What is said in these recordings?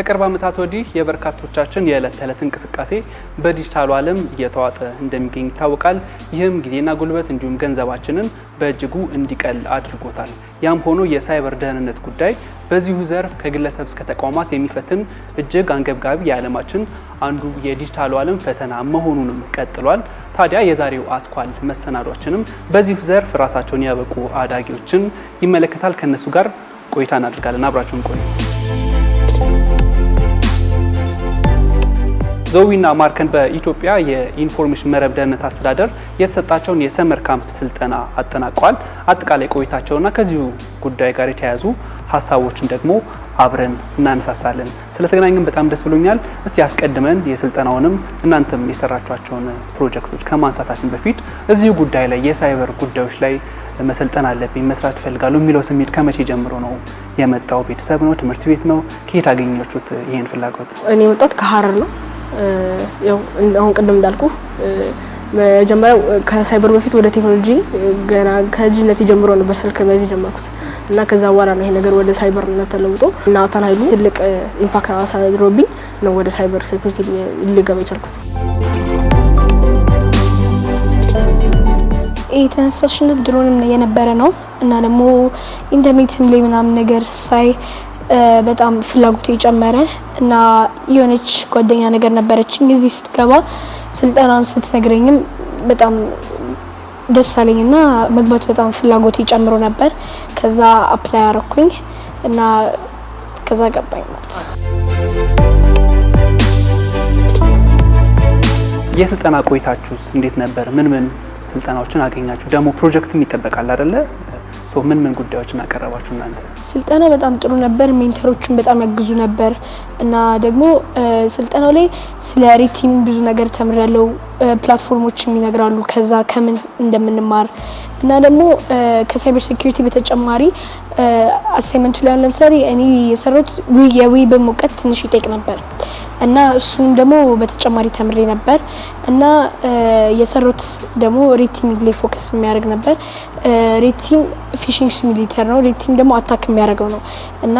ከቅርብ ዓመታት ወዲህ የበርካቶቻችን የዕለት ተዕለት እንቅስቃሴ በዲጂታሉ ዓለም እየተዋጠ እንደሚገኝ ይታወቃል። ይህም ጊዜና ጉልበት እንዲሁም ገንዘባችንን በእጅጉ እንዲቀል አድርጎታል። ያም ሆኖ የሳይበር ደህንነት ጉዳይ በዚሁ ዘርፍ ከግለሰብ እስከ ተቋማት የሚፈትን እጅግ አንገብጋቢ የዓለማችን አንዱ የዲጂታሉ ዓለም ፈተና መሆኑንም ቀጥሏል። ታዲያ የዛሬው አስኳል መሰናዷችንም በዚሁ ዘርፍ ራሳቸውን ያበቁ አዳጊዎችን ይመለከታል። ከእነሱ ጋር ቆይታ እናደርጋለን። አብራችሁን ቆዩ። ዘዊና ማርከን በኢትዮጵያ የኢንፎርሜሽን መረብ ደህንነት አስተዳደር የተሰጣቸውን የሰመር ካምፕ ስልጠና አጠናቀዋል። አጠቃላይ ቆይታቸውና ከዚሁ ጉዳይ ጋር የተያያዙ ሀሳቦችን ደግሞ አብረን እናነሳሳለን። ስለተገናኘን በጣም ደስ ብሎኛል። እስቲ ያስቀድመን የስልጠናውንም እናንተም የሰራችኋቸውን ፕሮጀክቶች ከማንሳታችን በፊት እዚሁ ጉዳይ ላይ የሳይበር ጉዳዮች ላይ መሰልጠን አለብኝ መስራት እፈልጋለሁ የሚለው ስሜት ከመቼ ጀምሮ ነው የመጣው? ቤተሰብ ነው? ትምህርት ቤት ነው? ከየት አገኛችሁት ይህን ፍላጎት? እኔ መጣት ከሀረር ነው። አሁን ቅድም እንዳልኩ መጀመሪያው ከሳይበር በፊት ወደ ቴክኖሎጂ ገና ከልጅነት ጀምሮ ነበር ስልክ መያዝ ጀመርኩት እና ከዛ በኋላ ነው ይሄ ነገር ወደ ነው ተለውጦ እና አታን ኃይሉ ትልቅ ኢምፓክት አሳድሮብኝ ነው ወደ ሳይበር ሴኩሪቲ ልገባ የቻልኩት። የተነሳሽነት ድሮንም የነበረ ነው እና ደግሞ ኢንተርኔትም ላይ ምናምን ነገር ሳይ በጣም ፍላጎት የጨመረ እና የሆነች ጓደኛ ነገር ነበረችኝ። እዚህ ስትገባ ስልጠናውን ስትነግረኝም በጣም ደስ አለኝ እና መግባት በጣም ፍላጎት ጨምሮ ነበር። ከዛ አፕላይ አረኩኝ እና ከዛ ገባኝ ማለት ነው። የስልጠና ቆይታችሁስ እንዴት ነበር? ምን ምን ስልጠናዎችን አገኛችሁ? ደግሞ ፕሮጀክትም ይጠበቃል አይደለ? ምን ምን ጉዳዮችን አቀረባችሁ እናንተ? ስልጠና በጣም ጥሩ ነበር። ሜንተሮችን በጣም ያግዙ ነበር እና ደግሞ ስልጠናው ላይ ስለ ሪቲም ብዙ ነገር ተምሬያለሁ። ፕላትፎርሞችም ይነግራሉ ከዛ ከምን እንደምንማር እና ደግሞ ከሳይበር ሴኩሪቲ በተጨማሪ አሳይመንቱ ላይ ለምሳሌ እኔ የሰራሁት የዌብ ሙቀት ትንሽ ይጠይቅ ነበር። እና እሱም ደግሞ በተጨማሪ ተምሬ ነበር እና የሰሩት ደግሞ ሬቲንግ ላይ ፎከስ የሚያደርግ ነበር። ሬቲም ፊሽንግ ሲሚሌተር ነው። ሬቲንግ ደግሞ አታክ የሚያደርገው ነው እና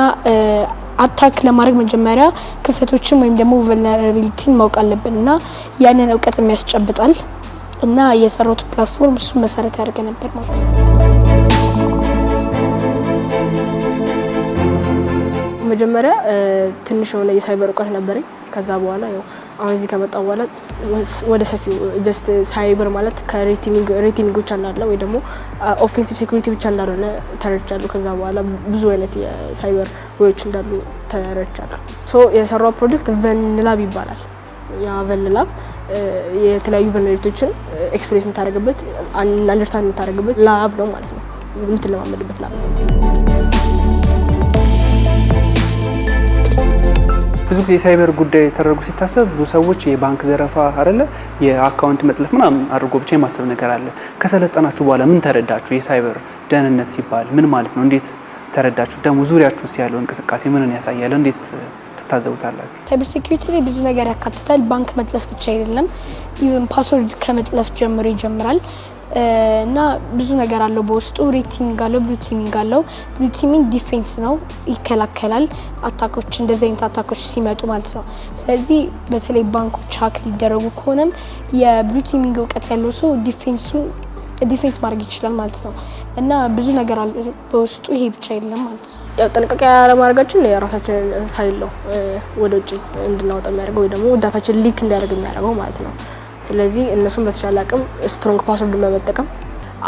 አታክ ለማድረግ መጀመሪያ ክፍተቶችን ወይም ደግሞ ቨልነራቢሊቲን ማወቅ አለብን እና ያንን እውቀት የሚያስጨብጣል እና የሰሩት ፕላትፎርም እሱን መሰረት ያደርገ ነበር ማለት ነው። መጀመሪያ ትንሽ የሆነ የሳይበር እውቀት ነበረኝ። ከዛ በኋላ ያው አሁን እዚህ ከመጣ በኋላ ወደ ሰፊው ጀስት ሳይበር ማለት ከሬቲንግ ብቻ እንዳለ ወይ ደግሞ ኦፌንሲቭ ሴኩሪቲ ብቻ እንዳልሆነ ተረድቻለሁ። ከዛ በኋላ ብዙ አይነት የሳይበር ወዎች እንዳሉ ተረድቻለሁ። ሶ የሰራው ፕሮጀክት ቨንላብ ይባላል። ያ ቨንላብ የተለያዩ ቨንሬቶችን ኤክስፕሬስ የምታደርግበት አንደርስታንድ የምታደርግበት ላብ ነው ማለት ነው፣ የምትለማመድበት ላብ ነው። ብዙ ጊዜ ሳይበር ጉዳይ ተደርጎ ሲታሰብ ብዙ ሰዎች የባንክ ዘረፋ አይደለ የአካውንት መጥለፍ ምናምን አድርጎ ብቻ የማሰብ ነገር አለ። ከሰለጠናችሁ በኋላ ምን ተረዳችሁ? የሳይበር ደህንነት ሲባል ምን ማለት ነው? እንዴት ተረዳችሁ? ደግሞ ዙሪያችሁ ውስጥ ያለው እንቅስቃሴ ምንን ያሳያል? እንዴት ትታዘቡታላችሁ? ሳይበር ሴኩሪቲ ላይ ብዙ ነገር ያካትታል። ባንክ መጥለፍ ብቻ አይደለም፣ ኢቨን ፓስወርድ ከመጥለፍ ጀምሮ ይጀምራል። እና ብዙ ነገር አለው በውስጡ። ሬድ ቲሚንግ አለው፣ ብሉ ቲሚንግ አለው። ብሉ ቲሚንግ ዲፌንስ ነው፣ ይከላከላል አታኮች፣ እንደዚህ አይነት አታኮች ሲመጡ ማለት ነው። ስለዚህ በተለይ ባንኮች ሀክ ሊደረጉ ከሆነም የብሉ ቲሚንግ እውቀት ያለው ሰው ዲፌንሱ ዲፌንስ ማድረግ ይችላል ማለት ነው። እና ብዙ ነገር አለ በውስጡ ይሄ ብቻ የለም ማለት ነው። ያው ጥንቃቄ ለማድረጋችን የራሳችንን ፋይል ነው ወደ ውጭ እንድናወጣ የሚያደርገው ወይ ደግሞ ዳታችን ሊክ እንዲያደርግ የሚያደርገው ማለት ነው። ስለዚህ እነሱን በተቻለ አቅም ስትሮንግ ፓስወርድ በመጠቀም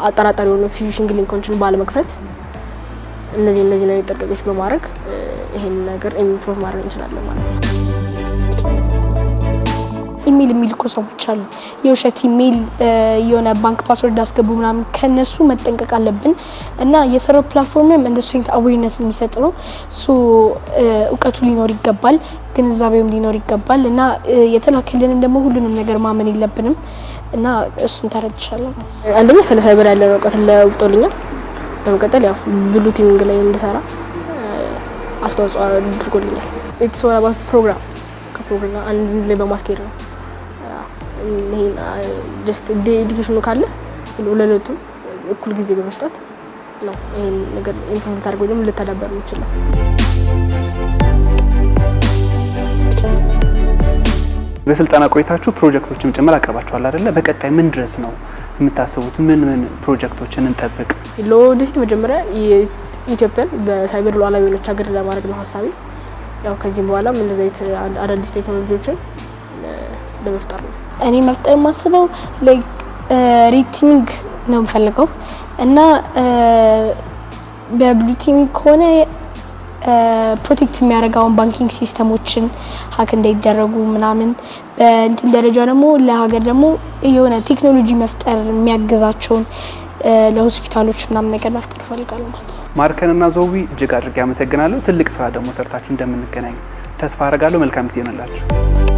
አጠራጣሪ የሆኑ ፊሽንግ ሊንኮችን ባለመክፈት እነዚህ እነዚህ ነው ጥንቃቄዎች በማድረግ ይህን ነገር ኢምፕሮቭ ማድረግ እንችላለን ማለት ነው። ኢሜይል የሚልኩ ሰዎች አሉ። የውሸት ኢሜይል የሆነ ባንክ ፓስወርድ አስገቡ ምናምን፣ ከነሱ መጠንቀቅ አለብን እና የሰራው ፕላትፎርምም እንደሱ አይነት አዌርነስ የሚሰጥ ነው። እሱ እውቀቱ ሊኖር ይገባል፣ ግንዛቤውም ሊኖር ይገባል እና የተላከልንን ደግሞ ሁሉንም ነገር ማመን የለብንም እና እሱን ተረድቻለሁ። አንደኛ ስለ ሳይበር ያለን እውቀት ለውጦልኛል። በመቀጠል ያው ብሉ ቲሚንግ ላይ እንድሰራ አስተዋጽኦ አድርጎልኛል። ኢትስ የተሰራባት ፕሮግራም ከፕሮግራም አንድ ላይ በማስኬድ ነው። ጀስት ኤዲኬሽኑ ካለ ለለቱ እኩል ጊዜ በመስጠት ነው ይህን ነገር ኢምፕሩቭ ታደርገው ደግሞ ልተዳበር ይችላል። በስልጠና ቆይታችሁ ፕሮጀክቶችም ጭምር አቅርባችኋል አይደለ? በቀጣይ ምን ድረስ ነው የምታስቡት? ምን ምን ፕሮጀክቶችን እንጠብቅ? ለወደፊት መጀመሪያ ኢትዮጵያን በሳይበር ሉዓላዊ ሀገር ለማድረግ ነው ሀሳቢ። ያው ከዚህም በኋላም እንደዚህ አይነት አዳዲስ ቴክኖሎጂዎችን ለመፍጠር ነው። እኔ መፍጠር የማስበው ሪቲሚንግ ነው የምፈልገው እና በብሉቲሚንግ ከሆነ ፕሮቴክት የሚያደርገውን ባንኪንግ ሲስተሞችን ሀክ እንዳይደረጉ ምናምን በእንትን ደረጃ ደግሞ ለሀገር ደግሞ የሆነ ቴክኖሎጂ መፍጠር የሚያግዛቸውን ለሆስፒታሎች ምናምን ነገር መፍጠር እፈልጋለሁ ማለት ነው። እና ዞዊ እጅግ አድርጌ አመሰግናለሁ። ትልቅ ስራ ደግሞ ሰርታችሁ እንደምንገናኝ ተስፋ አረጋለሁ። መልካም ጊዜ ነላችሁ።